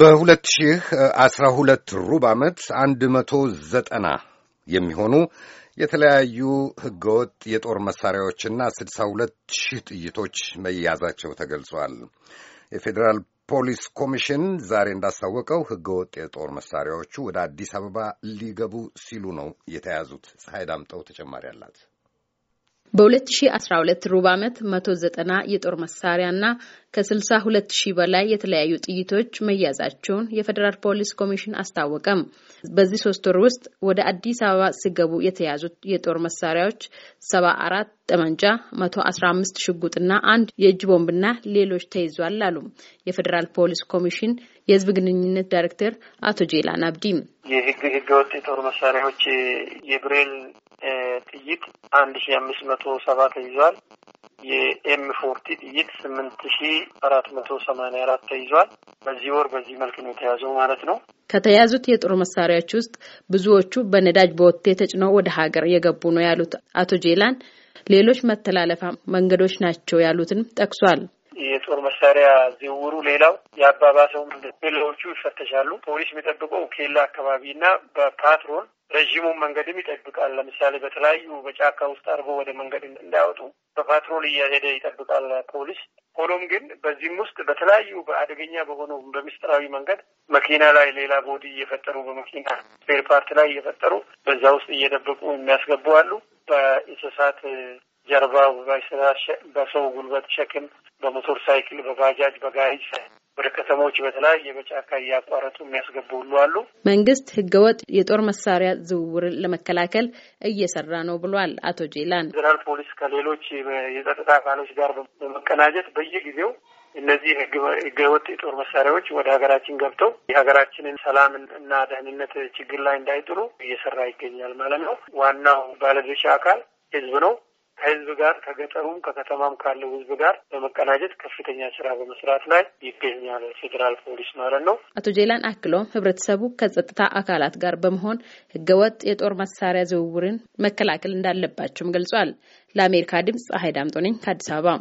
በ2012 ሩብ ዓመት 190 የሚሆኑ የተለያዩ ህገወጥ የጦር መሳሪያዎችና 62 ሺህ ጥይቶች መያዛቸው ተገልጿል። የፌዴራል ፖሊስ ኮሚሽን ዛሬ እንዳስታወቀው ህገወጥ የጦር መሳሪያዎቹ ወደ አዲስ አበባ ሊገቡ ሲሉ ነው የተያዙት። ፀሐይ ዳምጠው ተጨማሪ አላት። በ2012 ሩብ ዓመት 190 የጦር መሳሪያና ከ62 ሺህ በላይ የተለያዩ ጥይቶች መያዛቸውን የፌዴራል ፖሊስ ኮሚሽን አስታወቀም። በዚህ ሶስት ወር ውስጥ ወደ አዲስ አበባ ሲገቡ የተያዙት የጦር መሳሪያዎች 74 ጠመንጃ፣ 115 ሽጉጥና አንድ የእጅ ቦምብና ሌሎች ተይዟል አሉ የፌዴራል ፖሊስ ኮሚሽን የህዝብ ግንኙነት ዳይሬክተር አቶ ጄላን አብዲ። የህገ ወጥ የጦር መሳሪያዎች የብሬል ጥይት አንድ ሺ አምስት መቶ ሰባ ተይዟል። የኤም ፎርቲ ጥይት ስምንት ሺ አራት መቶ ሰማኒያ አራት ተይዟል። በዚህ ወር በዚህ መልክ ነው የተያዘው ማለት ነው። ከተያዙት የጦር መሳሪያዎች ውስጥ ብዙዎቹ በነዳጅ በወቴ ተጭነው ወደ ሀገር የገቡ ነው ያሉት አቶ ጄላን ሌሎች መተላለፊያ መንገዶች ናቸው ያሉትንም ጠቅሷል። የጦር መሳሪያ ዝውውሩ ሌላው የአባባሰውም ሌላዎቹ ይፈተሻሉ። ፖሊስ የሚጠብቀው ኬላ አካባቢ እና በፓትሮል ረዥሙን መንገድም ይጠብቃል። ለምሳሌ በተለያዩ በጫካ ውስጥ አድርጎ ወደ መንገድ እንዳያወጡ በፓትሮል እያሄደ ይጠብቃል ፖሊስ። ሆኖም ግን በዚህም ውስጥ በተለያዩ በአደገኛ በሆኑ በምስጢራዊ መንገድ መኪና ላይ ሌላ ቦዲ እየፈጠሩ በመኪና ስፔር ፓርት ላይ እየፈጠሩ በዛ ውስጥ እየደበቁ የሚያስገቡ አሉ። በእንስሳት ጀርባ ጉልባጭ ስራ፣ በሰው ጉልበት ሸክም፣ በሞቶር ሳይክል፣ በባጃጅ፣ በጋሪጅ ወደ ከተሞች በተለያየ በጫካ እያቋረጡ የሚያስገቡ ሁሉ አሉ። መንግስት ህገወጥ የጦር መሳሪያ ዝውውርን ለመከላከል እየሰራ ነው ብሏል አቶ ጄላን። ፌዴራል ፖሊስ ከሌሎች የጸጥታ አካሎች ጋር በመቀናጀት በየጊዜው እነዚህ ህገወጥ የጦር መሳሪያዎች ወደ ሀገራችን ገብተው የሀገራችንን ሰላም እና ደህንነት ችግር ላይ እንዳይጥሉ እየሰራ ይገኛል ማለት ነው። ዋናው ባለድርሻ አካል ህዝብ ነው። ከህዝብ ጋር ከገጠሩም ከከተማም ካለው ህዝብ ጋር በመቀናጀት ከፍተኛ ስራ በመስራት ላይ ይገኛል። ፌዴራል ፖሊስ ማለት ነው። አቶ ጄላን አክሎም ህብረተሰቡ ከጸጥታ አካላት ጋር በመሆን ህገወጥ የጦር መሳሪያ ዝውውርን መከላከል እንዳለባቸውም ገልጿል። ለአሜሪካ ድምጽ ፀሐይ ዳምጦ ነኝ ከአዲስ አበባ